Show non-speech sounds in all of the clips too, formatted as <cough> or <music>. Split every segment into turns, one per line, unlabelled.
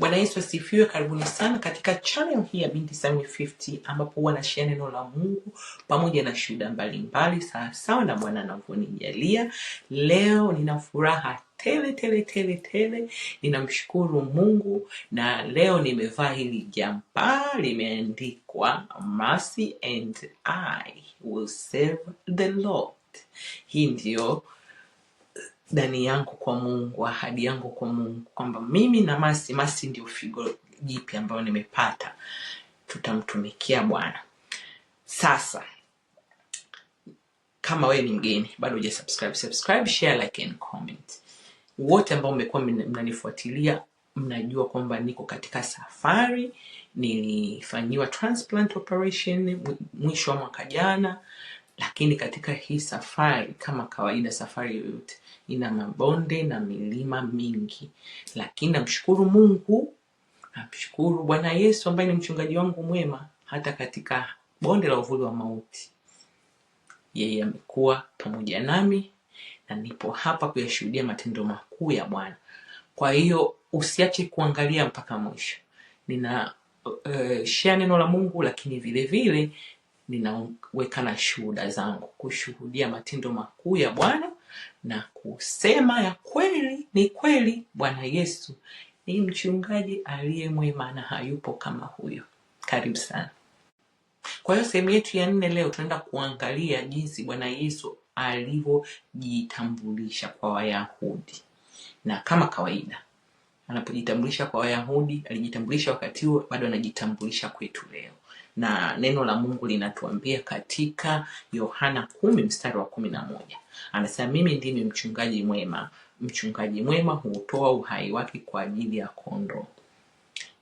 Bwana Yesu asifiwe. Karibuni sana katika channel hii ya Binti Sayuni 50 ambapo huwa nashia neno la Mungu pamoja na shuhuda mbalimbali sawasawa na Bwana anavyonijalia. Leo nina furaha tele tele tele tele, ninamshukuru Mungu na leo nimevaa hili jampa limeandikwa Mercy and I will serve the Lord. Hii ndiyo dani yangu kwa mungu ahadi yangu kwa mungu kwamba mimi na masi masi ndio figo jipi ambayo nimepata tutamtumikia bwana sasa kama wewe ni mgeni bado uja subscribe, subscribe, share, like and comment wote ambao mmekuwa mnanifuatilia mnajua kwamba niko katika safari nilifanyiwa transplant operation mwisho wa mwaka jana lakini katika hii safari kama kawaida safari yoyote ina mabonde na milima mingi, lakini namshukuru Mungu, namshukuru Bwana Yesu ambaye ni mchungaji wangu mwema, hata katika bonde la uvuli wa mauti yeye amekuwa pamoja nami na nipo hapa kuyashuhudia matendo makuu ya Bwana. Kwa hiyo usiache kuangalia mpaka mwisho. Nina uh, share neno la Mungu, lakini vile vile ninaweka na shuhuda zangu kushuhudia matendo makuu ya Bwana na kusema ya kweli ni kweli, Bwana Yesu ni mchungaji aliye mwema na hayupo kama huyo. Karibu sana. Kwa hiyo sehemu yetu ya nne leo tunaenda kuangalia jinsi Bwana Yesu alivyojitambulisha kwa Wayahudi, na kama kawaida anapojitambulisha kwa Wayahudi alijitambulisha wakati huo, bado anajitambulisha kwetu leo na neno la Mungu linatuambia katika Yohana kumi mstari wa kumi na moja anasema mimi ndimi mchungaji mwema, mchungaji mwema huutoa uhai wake kwa ajili ya kondo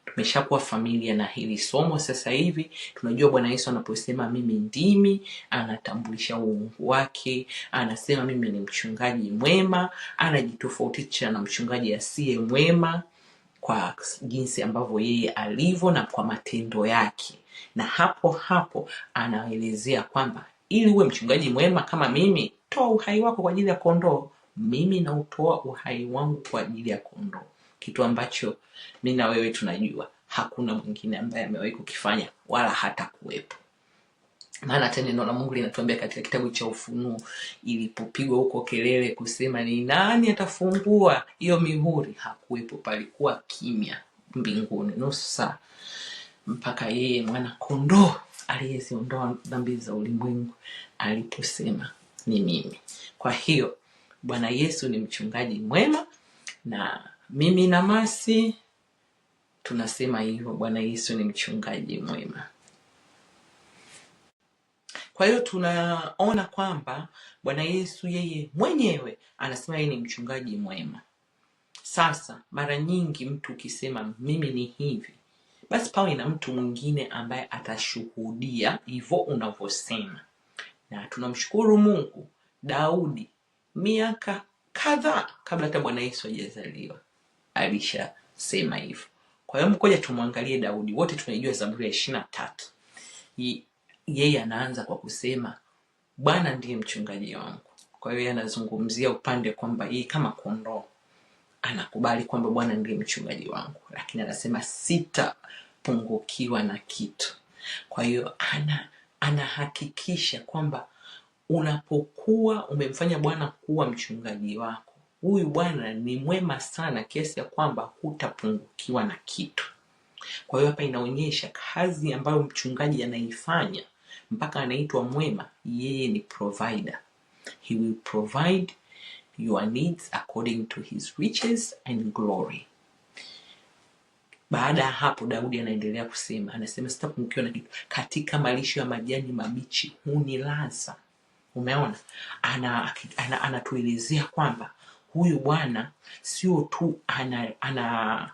Tumeshakuwa familia na hili somo sasa hivi. Tunajua Bwana Yesu anaposema mimi ndimi, anatambulisha uungu wake, anasema mimi ni mchungaji mwema, anajitofautisha na mchungaji asiye mwema kwa jinsi ambavyo yeye alivyo na kwa matendo yake na hapo hapo anaelezea kwamba ili uwe mchungaji mwema kama mimi, toa uhai wako kwa ajili ya kondoo. Mimi nautoa uhai wangu kwa ajili ya kondoo, kitu ambacho mi na wewe tunajua hakuna mwingine ambaye amewahi kukifanya wala hata kuwepo maana hata neno la Mungu linatuambia katika kitabu cha Ufunuo, ilipopigwa huko kelele kusema ni nani atafungua hiyo mihuri, hakuwepo, palikuwa kimya mbinguni nusu saa mpaka yeye mwana kondoo aliyeziondoa dhambi za ulimwengu aliposema ni mimi. Kwa hiyo Bwana Yesu ni mchungaji mwema, na mimi na Masi tunasema hivyo, Bwana Yesu ni mchungaji mwema. Kwa hiyo tunaona kwamba Bwana Yesu yeye mwenyewe anasema yeye ni mchungaji mwema. Sasa mara nyingi mtu ukisema mimi ni hivi basi pawe na mtu mwingine ambaye atashuhudia hivyo unavyosema. Na tunamshukuru Mungu, Daudi miaka kadhaa kabla hata Bwana Yesu ajazaliwa alishasema hivyo. Kwa hiyo mkoja tumwangalie Daudi, wote tunaijua Zaburi ya ishirini tatu. Yeye anaanza kwa kusema Bwana ndiye mchungaji wangu. Kwa hiyo anazungumzia upande kwamba hii kama kondoo anakubali kwamba bwana ndiye mchungaji wangu lakini anasema sitapungukiwa na kitu kwa hiyo ana anahakikisha kwamba unapokuwa umemfanya bwana kuwa mchungaji wako huyu bwana ni mwema sana kiasi ya kwamba hutapungukiwa na kitu kwa hiyo hapa inaonyesha kazi ambayo mchungaji anaifanya mpaka anaitwa mwema yeye ni provider he will provide your needs according to his riches and glory. Baada ya hapo Daudi anaendelea kusema, anasema sitapungukiwa na kitu, katika malisho ya majani mabichi hunilaza. Umeona, anatuelezea ana, ana kwamba huyu Bwana sio tu ana, ana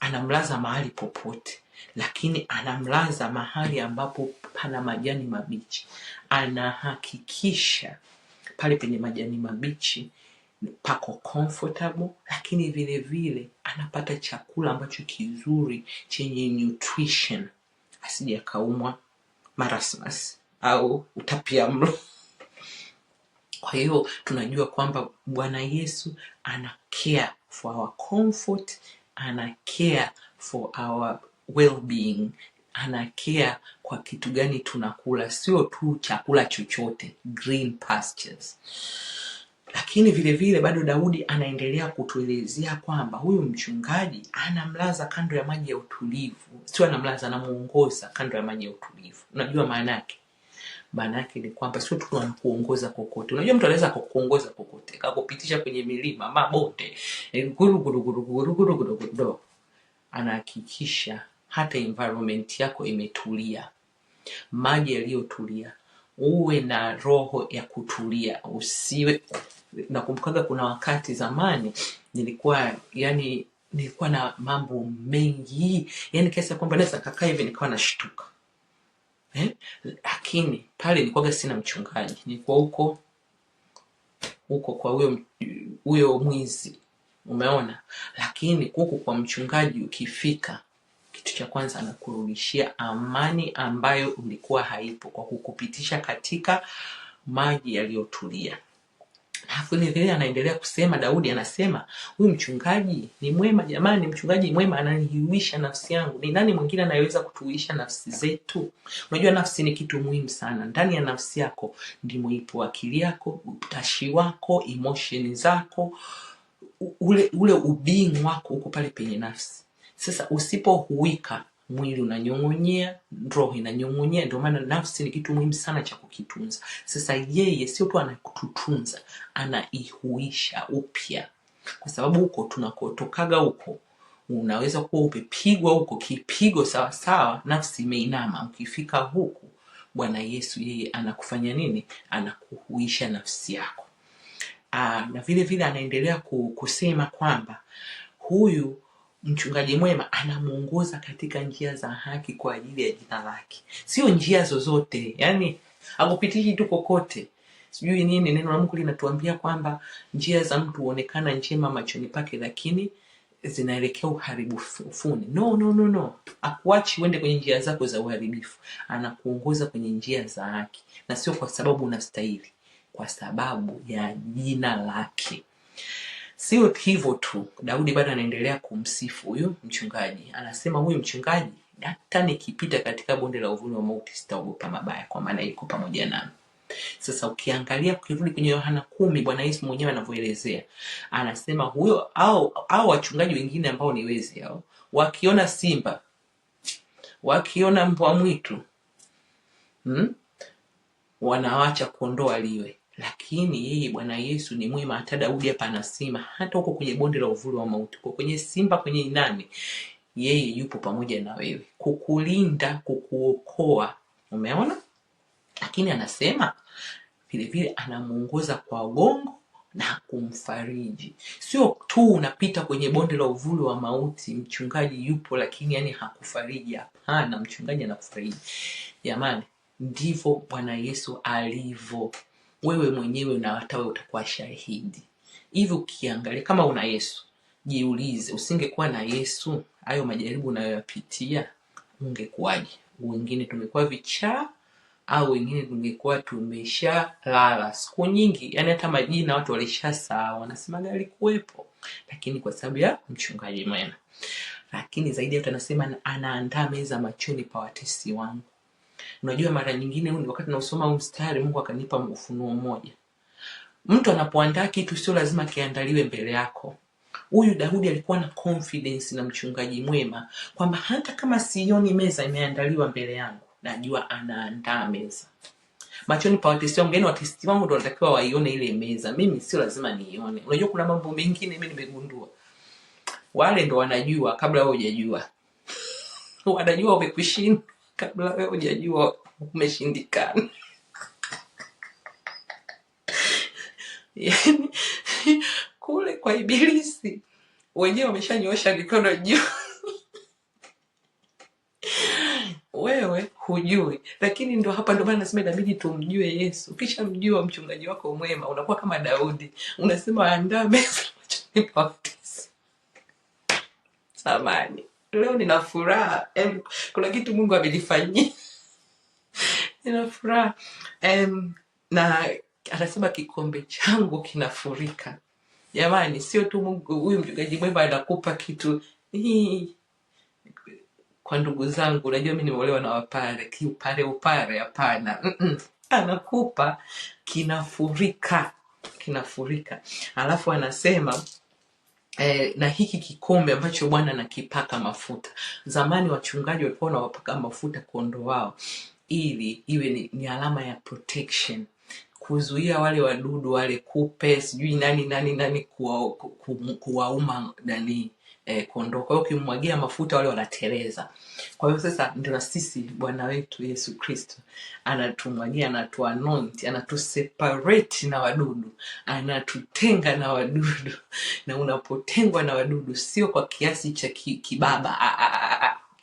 anamlaza mahali popote, lakini anamlaza mahali ambapo pana majani mabichi. Anahakikisha pale penye majani mabichi pako comfortable, lakini vile vile anapata chakula ambacho kizuri chenye nutrition, asije akaumwa marasmas au utapia mlo. <laughs> Kwa hiyo tunajua kwamba Bwana Yesu ana care for our comfort, ana care for our well-being, ana care kwa kitu gani tunakula, sio tu chakula chochote, green pastures. Lakini vile vile bado Daudi anaendelea kutuelezea kwamba huyu mchungaji anamlaza kando ya maji ya utulivu, sio anamlaza, anamuongoza kando ya maji ya utulivu. Unajua maana yake? Maana yake ni kwamba sio tu anakuongoza kokote. Unajua mtu anaweza kukuongoza kokote, akakupitisha kwenye milima, mabonde, guruguruguruguruguruguruguruguru, anahakikisha hata environment yako imetulia, maji yaliyotulia uwe na roho ya kutulia usiwe nakumbukaga kuna wakati zamani nilikuwa yani nilikuwa na mambo mengi yani kiasi ya kwamba naweza kakaa hivi nikawa nashtuka eh? lakini pale nilikuwaga sina mchungaji nilikuwa huko huko kwa huyo huyo mwizi umeona lakini huku kwa mchungaji ukifika kitu cha kwanza anakurudishia amani ambayo ulikuwa haipo kwa kukupitisha katika maji yaliyotulia. Alafu vile vile anaendelea kusema, Daudi anasema huyu mchungaji ni mwema. Jamani, mchungaji mwema ananihuisha nafsi yangu. Ni nani mwingine anayeweza kutuisha nafsi zetu? Unajua, nafsi ni kitu muhimu sana. Ndani ya nafsi yako ndimo ipo akili yako, utashi wako, emotion zako, ule, ule ubing wako huko pale penye nafsi sasa usipohuika mwili unanyong'onyea, roho inanyong'onyea. Ndio maana nafsi ni kitu muhimu sana cha kukitunza. Sasa yeye sio tu anakututunza anaihuisha upya, kwa sababu huko tunakotokaga huko unaweza kuwa upepigwa huko kipigo sawa sawa, nafsi imeinama. Ukifika huku, Bwana Yesu yeye anakufanya nini? Anakuhuisha nafsi yako. Aa, ah, na vile vile anaendelea kusema kwamba huyu mchungaji mwema anamwongoza katika njia za haki kwa ajili ya jina lake, sio njia zozote, yani akupitishi tu kokote sijui nini. Neno la Mungu linatuambia kwamba njia za mtu huonekana njema machoni pake, lakini zinaelekea uharibufuni. No, no, no, no, akuachi uende kwenye njia zako za uharibifu, anakuongoza kwenye njia za haki, na sio kwa sababu unastahili, kwa sababu ya jina lake. Sio hivyo tu, Daudi bado anaendelea kumsifu huyu mchungaji. Anasema huyu mchungaji, hata nikipita katika bonde la uvuni wa mauti sitaogopa mabaya, kwa maana yuko pamoja nami. Sasa ukiangalia ukirudi kwenye Yohana kumi, Bwana Yesu mwenyewe anavyoelezea, anasema huyo au au wachungaji wengine ambao ni wezi hao, wakiona simba, wakiona mbwa mwitu, hmm? wanawacha kuondoa liwe lakini yeye Bwana Yesu ni mwema. Hata Daudi hapa anasema hata huko kwenye bonde la uvuli wa mauti, kwa kwenye simba, kwenye inani, yeye yupo pamoja na wewe kukulinda, kukuokoa. Umeona? Lakini anasema vilevile anamuongoza kwa gongo na kumfariji. Sio tu unapita kwenye bonde la uvuli wa mauti, mchungaji yupo, lakini yani hakufariji. Hapana, mchungaji anakufariji. Jamani, ndivyo Bwana Yesu alivyo wewe mwenyewe na hata wewe utakuwa shahidi. Hivi ukiangalia kama una Yesu, jiulize, usingekuwa na Yesu, hayo majaribu unayoyapitia ungekuwaje? Wengine tumekuwa vichaa au wengine tungekuwa tumeshalala siku nyingi, yani hata majina watu walishasahau, wanasemaga alikuwepo, lakini kwa sababu ya mchungaji mwema. Lakini zaidi yote anasema anaandaa meza machoni pa watesi wangu unajua mara nyingine huu ni wakati nausoma huu mstari mungu akanipa ufunuo mmoja mtu anapoandaa kitu sio lazima kiandaliwe mbele yako huyu daudi alikuwa na confidence na mchungaji mwema kwamba hata kama sioni meza imeandaliwa mbele yangu najua anaandaa meza machoni pa watesi wangu yani watesi wangu ndo wanatakiwa waione ile meza mimi sio lazima niione unajua kuna mambo mengine mi nimegundua wale ndo wanajua kabla wewe hujajua <laughs> wanajua umekushinda kabla wewe hujajua umeshindikana. Yani kule kwa Ibilisi wenyewe wameshanyosha mikono juu wewe hujui, lakini ndo hapa, ndo maana nasema inabidi tumjue Yesu. Ukishamjua mchungaji wako mwema, unakuwa kama Daudi, unasema andaa meza samani leo nina furaha em, kuna kitu mungu amenifanyia <laughs> nina furaha em, na anasema kikombe changu kinafurika jamani sio tu mungu huyu mchungaji mwema anakupa kitu hii kwa ndugu zangu unajua mi nimeolewa na wapare kiupare upare hapana Mm-mm. anakupa kinafurika kinafurika alafu anasema Eh, na hiki kikombe ambacho Bwana anakipaka mafuta. Zamani wachungaji walikuwa wanawapaka mafuta kondoo wao ili iwe ni, ni alama ya protection kuzuia wale wadudu wale kupe sijui nani nani nani kuwauma kuwa nani eh, kuondoka. Kwa hiyo ukimwagia mafuta wale wanateleza. Kwa hiyo sasa ndio sisi Bwana wetu Yesu Kristo anatumwagia, anatu anatuseparate na wadudu, anatutenga na wadudu. <laughs> Na unapotengwa na wadudu, sio kwa kiasi cha ki- kibaba,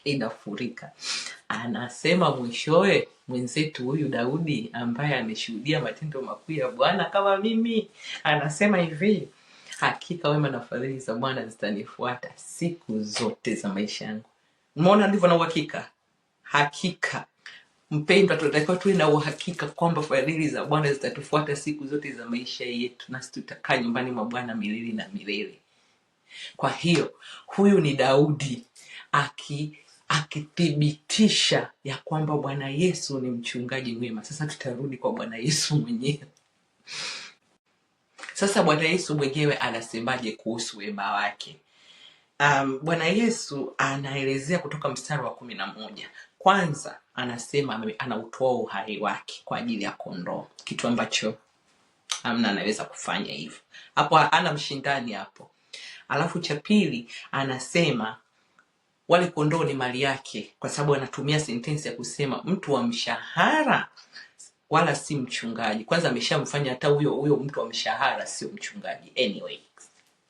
inafurika. Anasema mwishowe mwenzetu huyu Daudi ambaye ameshuhudia matendo makuu ya Bwana kama mimi, anasema hivi hakika wema na fadhili za Bwana zitanifuata siku zote za maisha yangu. Umeona ndivyo na uhakika. Hakika mpendwa, tunatakiwa tuwe na uhakika kwamba fadhili za Bwana zitatufuata siku zote za maisha yetu, nasi tutakaa nyumbani mwa Bwana milele na milele. Kwa hiyo huyu ni Daudi aki akithibitisha ya kwamba Bwana Yesu ni mchungaji mwema. Sasa tutarudi kwa Bwana Yesu mwenyewe sasa Bwana Yesu mwenyewe anasemaje kuhusu wema wake? Um, Bwana Yesu anaelezea kutoka mstari wa kumi na moja. Kwanza anasema anautoa uhai wake kwa ajili ya kondoo, kitu ambacho amna anaweza kufanya hivyo, hapo ana mshindani hapo. Alafu cha pili anasema wale kondoo ni mali yake, kwa sababu anatumia sentensi ya kusema mtu wa mshahara wala si mchungaji. Kwanza ameshamfanya hata huyo huyo mtu wa mshahara sio mchungaji. Anyway,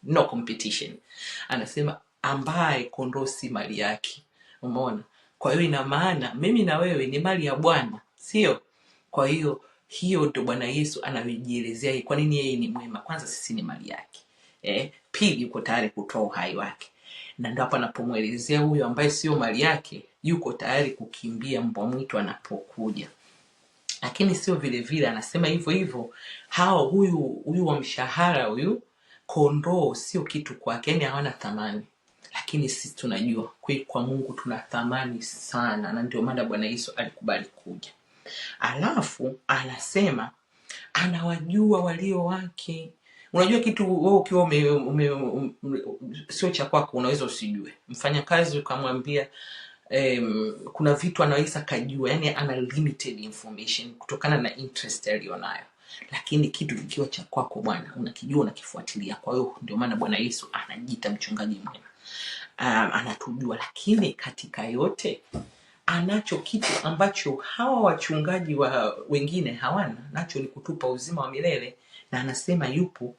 no competition. Anasema ambaye kondoo si mali yake. Umeona? Kwa hiyo ina maana mimi na wewe ni mali ya Bwana, sio? Kwa hiyo hiyo ndo Bwana Yesu anajielezea kwa nini yeye ni mwema. Kwanza sisi ni mali yake eh. Pili, yuko tayari kutoa uhai wake, na ndio hapa anapomwelezea huyo ambaye sio mali yake, yuko tayari kukimbia mbwa mwitu anapokuja lakini sio vile vile, anasema hivyo hivyo hao, huyu huyu wa mshahara huyu kondoo sio kitu kwake, yani hawana thamani, lakini sisi tunajua kwa, kwa Mungu tuna thamani sana, na ndio maana Bwana Yesu alikubali kuja. Alafu anasema anawajua walio wake. Unajua kitu wewe ukiwa sio cha kwako unaweza usijue. Mfanyakazi ukamwambia um, kuna vitu anaweza kajua yani ana limited information kutokana na interest aliyonayo lakini kitu kikiwa cha kwako bwana unakijua unakifuatilia kwa hiyo ndio maana bwana yesu anajiita mchungaji mwema um, anatujua lakini katika yote anacho kitu ambacho hawa wachungaji wa wengine hawana nacho ni kutupa uzima wa milele na anasema yupo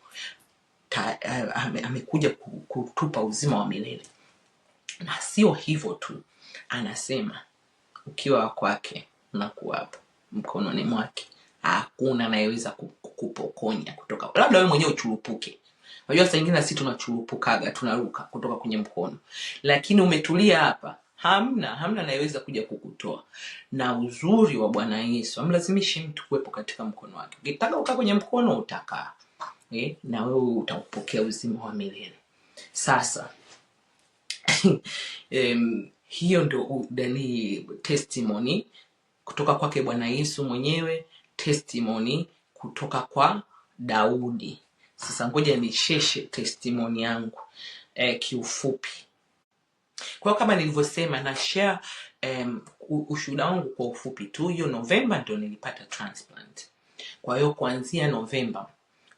ta, uh, amekuja kutupa uzima wa milele na sio hivyo tu Anasema ukiwa kwake unakuwapo mkononi mwake, hakuna anayeweza kupokonya kutoka, labda wewe mwenyewe uchurupuke. Unajua saa nyingine sisi tunachurupukaga tunaruka kutoka kwenye mkono, lakini umetulia hapa, hamna hamna anayeweza kuja kukutoa. Na uzuri wa Bwana Yesu amlazimishi mtu kuwepo katika mkono wake. Ukitaka ukaa kwenye mkono utakaa eh, na wewe utaupokea uzima wa milele. Sasa <laughs> em, hiyo ndio nani, testimony kutoka kwake Bwana Yesu mwenyewe, testimony kutoka kwa Daudi. Sasa ngoja nisheshe testimony yangu eh, kiufupi. Kwa kama nilivyosema na share um, ushuhuda wangu kwa ufupi tu. Hiyo Novemba ndio nilipata transplant. Kwa hiyo kuanzia Novemba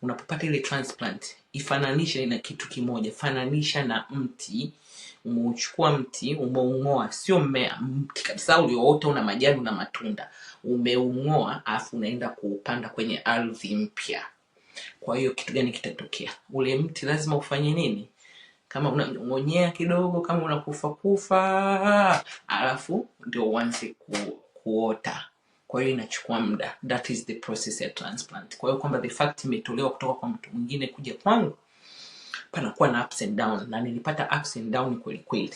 unapopata ile transplant, ifananisha na kitu kimoja, fananisha na mti umeuchukua mti umeung'oa, sio mmea, mti kabisa ulioota, una majani, na matunda, umeung'oa afu unaenda kuupanda kwenye ardhi mpya. Kwa hiyo kitu gani kitatokea? Ule mti lazima ufanye nini? Kama unang'onyea kidogo, kama unakufa kufa, alafu ndio uanze ku, kuota kwa hiyo inachukua muda that is the process ya transplant kwa hiyo kwamba the fact imetolewa kutoka kwa mtu mwingine kuja kwangu panakuwa na ups and down na nilipata ups and down kwelikweli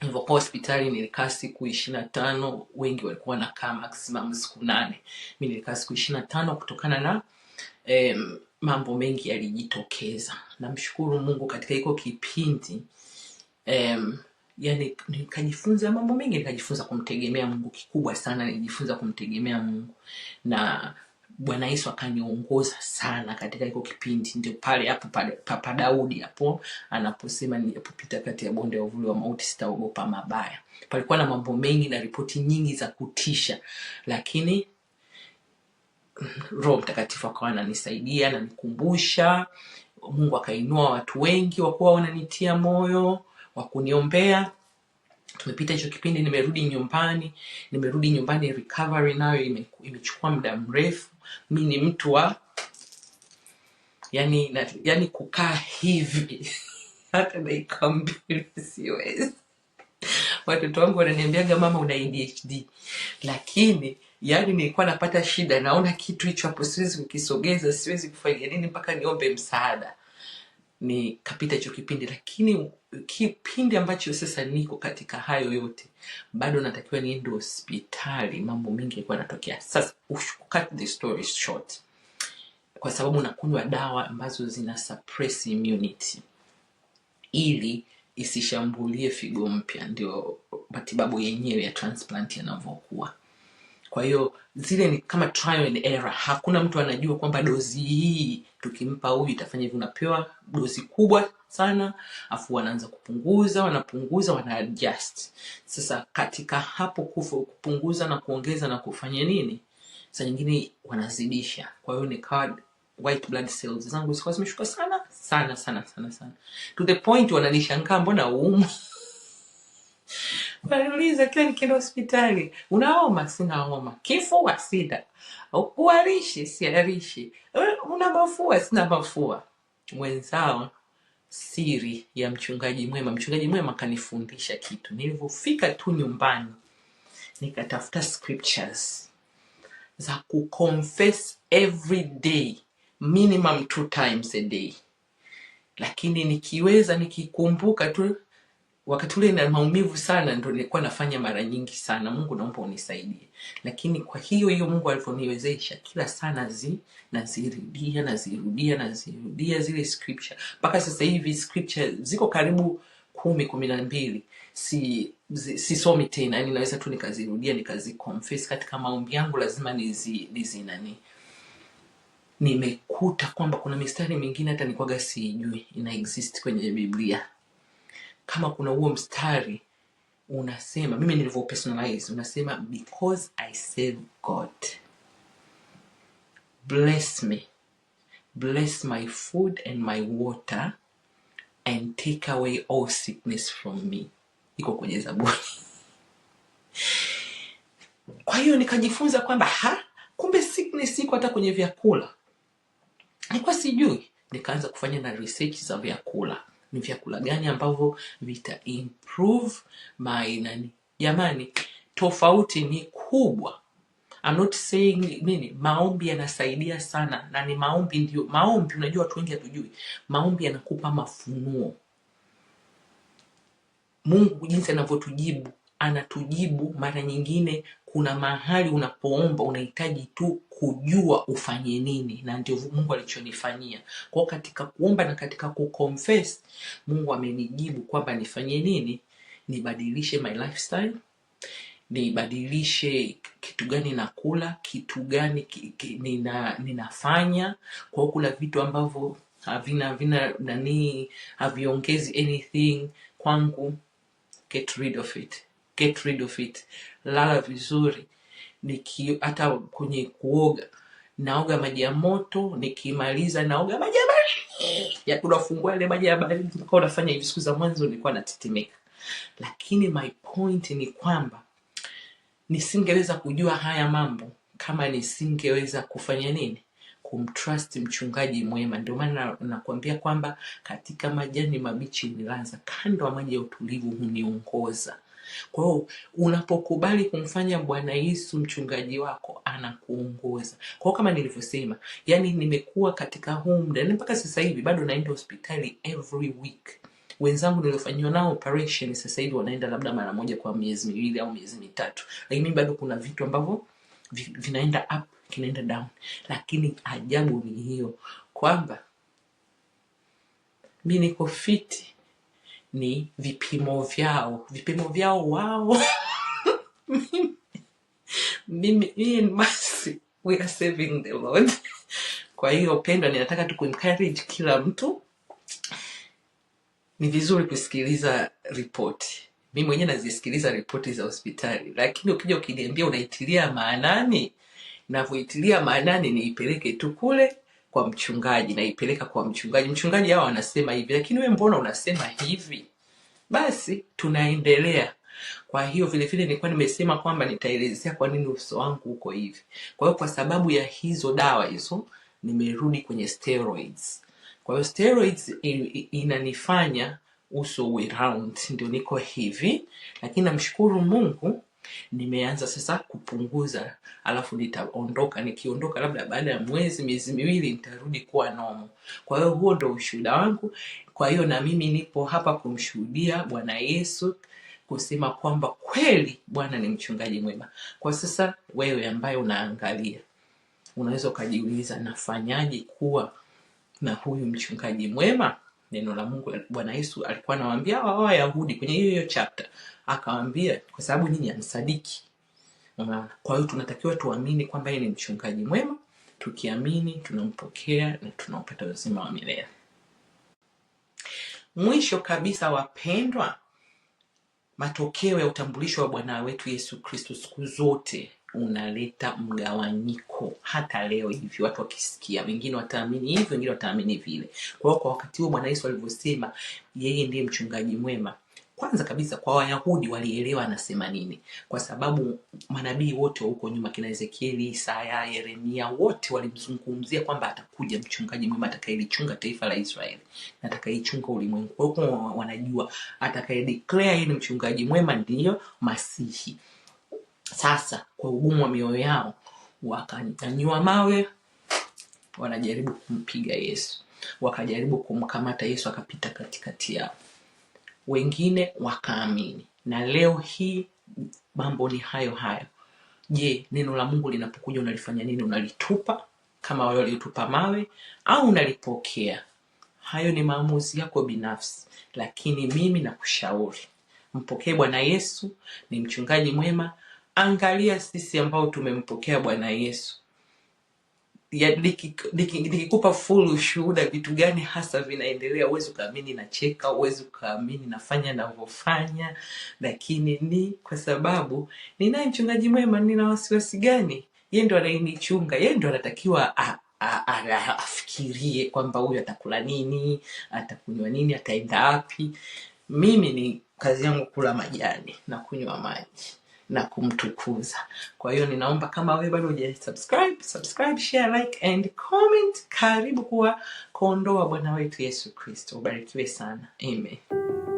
nilivyokuwa hospitali nilikaa siku na tano wengi walikuwa nakaa maximum siku nane mi nilikaa siku na tano kutokana na eh, mambo mengi yalijitokeza namshukuru mungu katika hiko kipindi em, yani nikajifunza mambo mengi nikajifunza kumtegemea mungu kikubwa sana nilijifunza kumtegemea mungu na Bwana Yesu akaniongoza sana katika hiko kipindi, ndio pale hapo Papa Daudi hapo anaposema nilipopita kati ya bonde ya uvuli wa mauti sitaogopa mabaya. Palikuwa na mambo mengi na ripoti nyingi za kutisha, lakini mm, Roho Mtakatifu akawa ananisaidia, nanikumbusha Mungu akainua watu wengi wakuwa wananitia moyo, wakuniombea tumepita hicho kipindi, nimerudi nyumbani, nimerudi nyumbani. Recovery nayo imechukua muda mrefu, mi ni mtu wa yani, na, yani kukaa hivi <laughs> hata dakika mbili siwezi watoto wangu wananiambiaga mama una adhd lakini yani nilikuwa napata shida naona kitu hicho hapo siwezi kukisogeza siwezi kufanya nini mpaka niombe msaada nikapita hicho kipindi lakini kipindi ambacho sasa niko katika hayo yote bado natakiwa niende hospitali mambo mengi yalikuwa yanatokea sasa cut the story short kwa sababu nakunywa dawa ambazo zina suppress immunity ili isishambulie figo mpya ndio matibabu yenyewe ya transplant yanavyokuwa kwa hiyo zile ni kama trial and error hakuna mtu anajua kwamba dozi hii tukimpa huyu itafanya hivi unapewa dosi kubwa sana afu wanaanza kupunguza wanapunguza wana adjust sasa katika hapo kufu, kupunguza na kuongeza na kufanya nini sa nyingine wanazidisha kwa hiyo card white blood cells zangu zikawa zimeshuka sana sana sana sana sana to the point wananishangaa mbona umu <laughs> Unaniuliza kila nikienda hospitali, unaoma? Sinaoma. Kifua sina. kuarishi Siarishi. Eh, una mafua? Sina mafua. Mwenzao, siri ya mchungaji mwema. Mchungaji mwema kanifundisha kitu. Nilivyofika tu nyumbani, nikatafuta scriptures za kuconfess every day minimum two times a day, lakini nikiweza nikikumbuka tu wakati ule na maumivu sana, ndo nilikuwa nafanya mara nyingi sana, Mungu naomba unisaidie. Lakini kwa hiyo hiyo Mungu alivyoniwezesha kila saa nazi nazirudia nazirudia nazirudia zile scripture mpaka sasa hivi scripture ziko karibu kumi kumi na mbili si sisomi tena, yani naweza tu nikazirudia nikaziconfess katika maombi yangu, lazima nizi, nizi nani nimekuta kwamba kuna mistari mingine hata nikwaga siijui ina exist kwenye Biblia kama kuna huo mstari unasema mimi nilivyo personalize unasema because i serve god bless me bless my food and my water and take away all sickness from me iko kwenye zaburi <laughs> kwa hiyo nikajifunza kwamba ha kumbe sickness iko hata kwenye vyakula nilikuwa sijui nikaanza kufanya na research za vyakula ni vyakula gani ambavyo vita improve my nani jamani tofauti ni kubwa I'm not saying nini, maombi yanasaidia sana, na ni maombi ndio maombi. Unajua watu wengi hatujui maombi yanakupa mafunuo. Mungu jinsi anavyotujibu, anatujibu mara nyingine, kuna mahali unapoomba unahitaji tu kujua ufanye nini, na ndio Mungu alichonifanyia kwao katika kuomba na katika kuconfess. Mungu amenijibu kwamba nifanye nini, nibadilishe my lifestyle nibadilishe kitu gani nakula, kitu gani ki, ki, nina, ninafanya kwa kula vitu ambavyo havina havina nani, haviongezi anything kwangu. Get rid of it, get rid of it. Lala vizuri, niki hata kwenye kuoga naoga maji ya moto, nikimaliza naoga maji ya baridi. Unafungua ile maji ya baridi, unakuwa unafanya hivi. Siku za mwanzo nilikuwa natetemeka, lakini my point ni kwamba nisingeweza kujua haya mambo kama nisingeweza kufanya nini kumtrust mchungaji mwema. Ndio maana nakuambia kwamba katika majani mabichi unilaza, kando wa maji ya utulivu huniongoza. Kwa hiyo unapokubali kumfanya Bwana Yesu mchungaji wako, anakuongoza. Kwa kama nilivyosema, yani nimekuwa katika huu muda yaani mpaka sasa hivi bado naenda hospitali every week wenzangu niliofanyiwa nao operation sasa hivi wanaenda labda mara moja kwa miezi miwili au miezi mitatu, lakini bado kuna vitu ambavyo vinaenda up kinaenda down. Lakini ajabu ni hiyo kwamba mi niko fiti ni vipimo vyao vipimo vyao wao <laughs> mimi, mimi, we are the Lord. Kwa hiyo pendwa, ninataka tu kuencourage kila mtu, ni vizuri kusikiliza ripoti. mi mwenyewe nazisikiliza ripoti za hospitali, lakini ukija ukiniambia unaitilia maanani, navyoitilia maanani niipeleke tu kule kwa mchungaji, naipeleka kwa mchungaji. Mchungaji hawa wanasema hivi, lakini we mbona unasema hivi? Basi tunaendelea. Kwa hiyo vile vile nilikuwa nimesema kwamba nitaelezea kwa nini uso wangu uko hivi. Kwa hiyo kwa sababu ya hizo dawa hizo, nimerudi kwenye steroids. Kwa hiyo steroids inanifanya uso uwe round, ndio niko hivi, lakini namshukuru Mungu nimeanza sasa kupunguza alafu nitaondoka nikiondoka labda baada ya mwezi miezi miwili nitarudi kuwa nomo kwa hiyo huo ndo ushuhuda wangu kwa hiyo na mimi nipo hapa kumshuhudia bwana yesu kusema kwamba kweli bwana ni mchungaji mwema kwa sasa wewe ambaye unaangalia unaweza ukajiuliza nafanyaje kuwa na huyu mchungaji mwema neno la Mungu Bwana Yesu alikuwa anawaambia hawa Wayahudi kwenye hiyo hiyo chapter, akawaambia kwa sababu nyinyi hamsadiki. Unaona, kwa hiyo tunatakiwa tuamini kwamba yeye ni mchungaji mwema. Tukiamini tunampokea na tunaopata uzima wa milele. Mwisho kabisa, wapendwa, matokeo ya utambulisho wa Bwana wetu Yesu Kristo siku zote unaleta mgawanyiko hata leo hivi watu wakisikia wengine wataamini hivi wengine wataamini vile kwa hiyo kwa wakati huo bwana yesu alivyosema yeye ndiye mchungaji mwema kwanza kabisa kwa wayahudi walielewa anasema nini kwa sababu manabii wote wa huko nyuma kina ezekieli isaya yeremia wote walimzungumzia kwamba atakuja mchungaji mwema atakayelichunga taifa la israeli na atakayeichunga ulimwengu kwa hiyo wanajua atakaye yeye ni mchungaji mwema ndiyo masihi sasa kwa ugumu wa mioyo yao wakanyanyua mawe, wanajaribu kumpiga Yesu, wakajaribu kumkamata Yesu akapita katikati yao. Wengine wakaamini, na leo hii mambo ni hayo hayo. Je, neno la Mungu linapokuja unalifanya nini? Unalitupa kama wale waliotupa mawe au unalipokea? Hayo ni maamuzi yako binafsi, lakini mimi nakushauri mpokee Bwana Yesu. Ni mchungaji mwema angalia sisi ambao tumempokea bwana yesu nikikupa full ushuhuda vitu gani hasa vinaendelea uwezi ukaamini nacheka uwezi ukaamini nafanya navyofanya lakini ni kwa sababu ninaye mchungaji mwema nina wasiwasi gani ye ndo anainichunga ye ndo anatakiwa afikirie kwamba huyu atakula nini atakunywa nini ataenda wapi mimi ni kazi yangu kula majani na kunywa maji na kumtukuza kwa hiyo ninaomba kama wewe bado hujasubscribe subscribe share like and comment karibu kuwa kondoa bwana wetu yesu kristo ubarikiwe sana amen